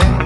friend.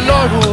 Lord.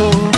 for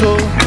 ¡Gracias!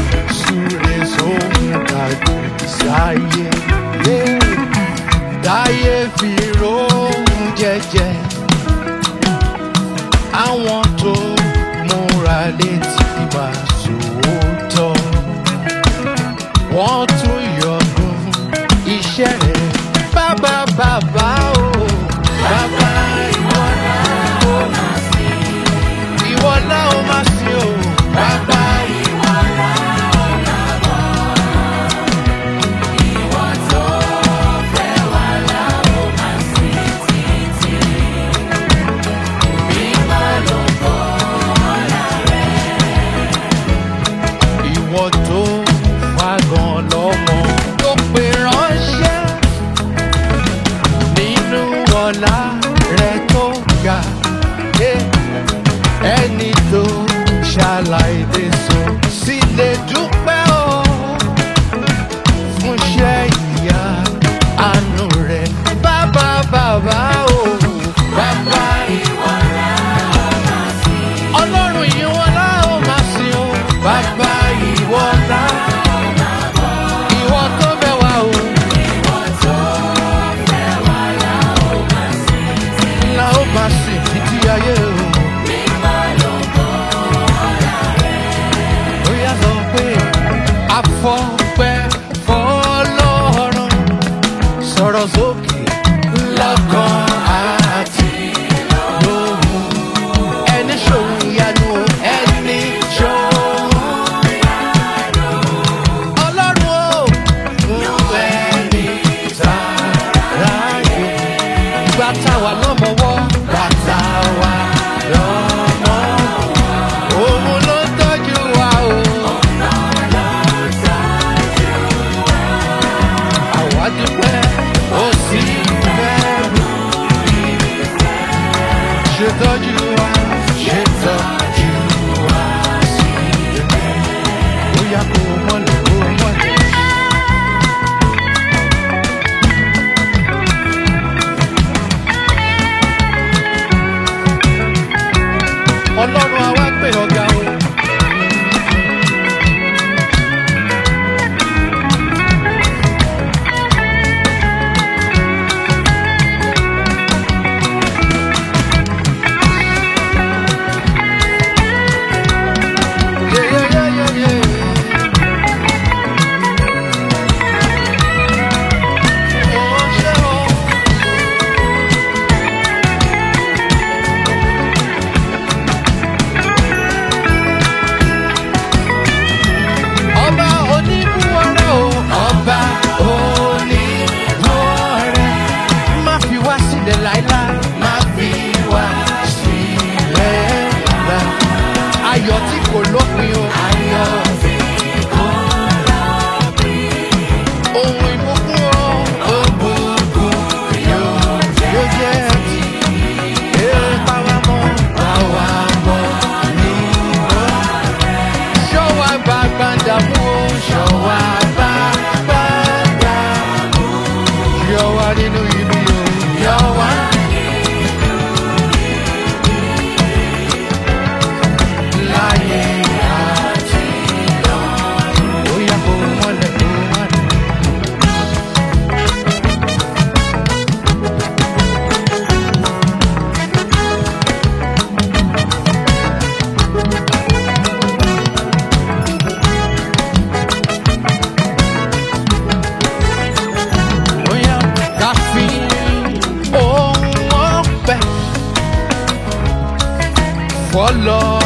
follow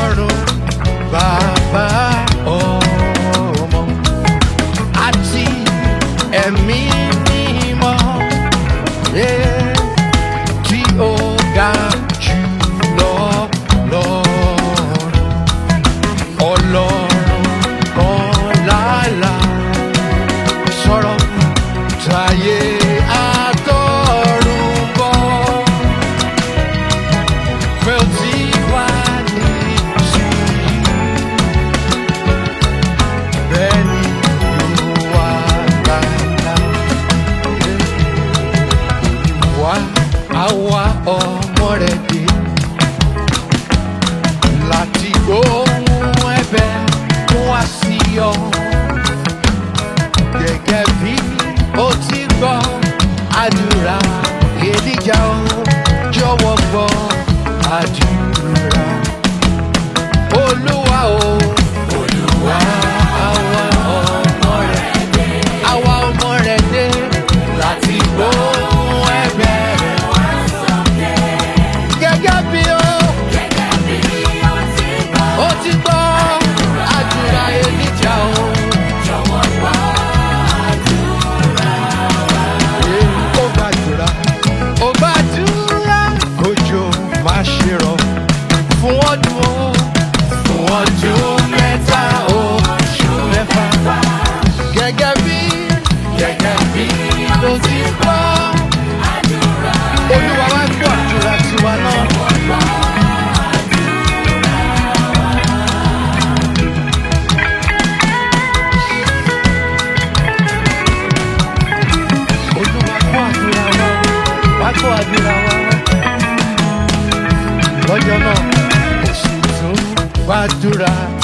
Let's do right.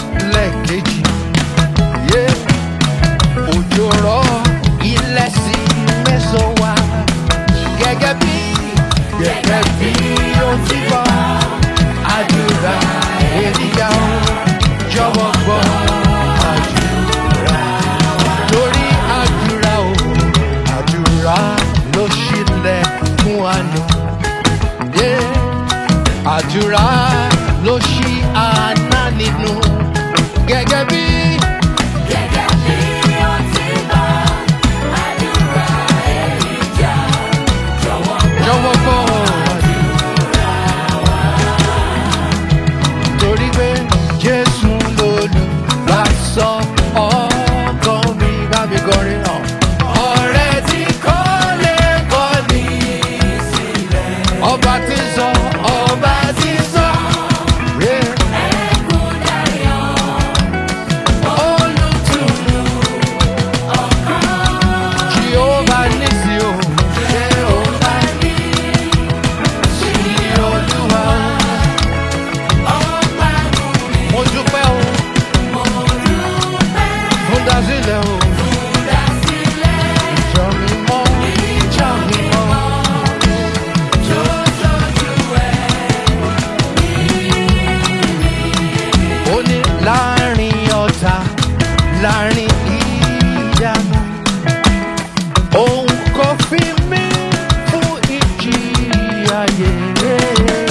yeah.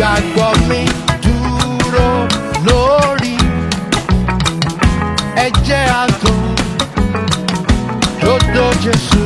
ìgbàgbọ́ mi dúró lórí ẹ̀jẹ̀ àgùn lódò Jésù.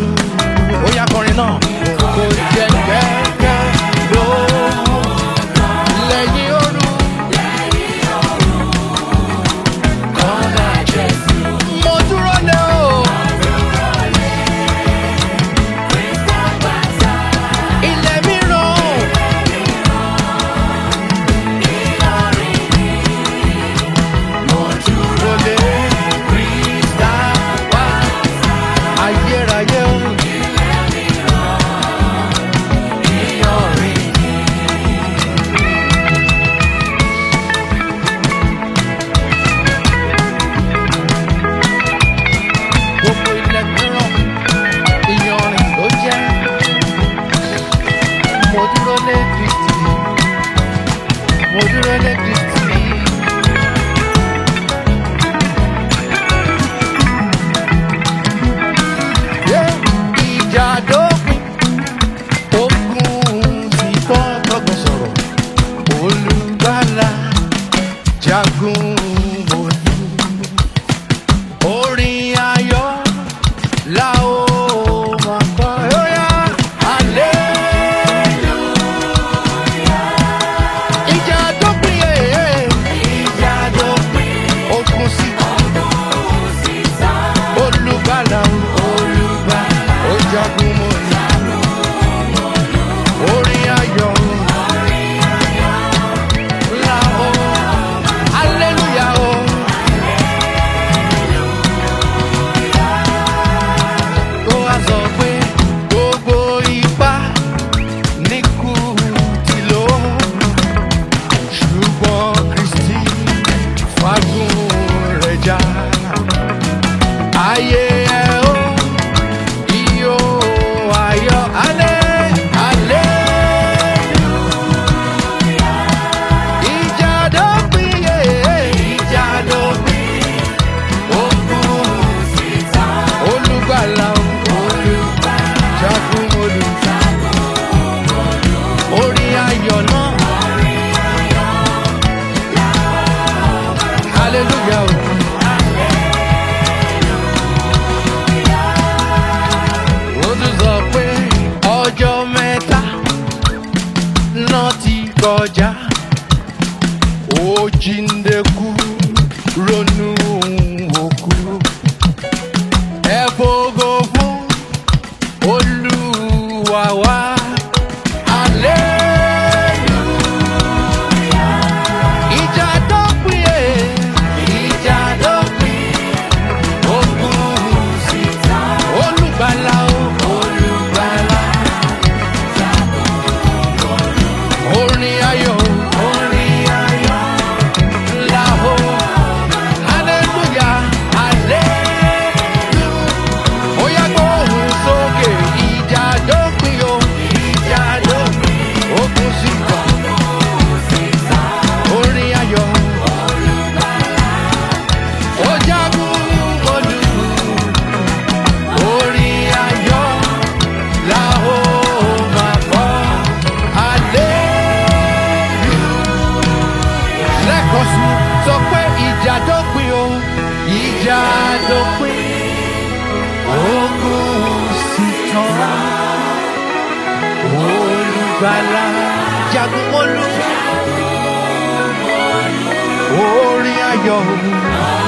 new agbára jagun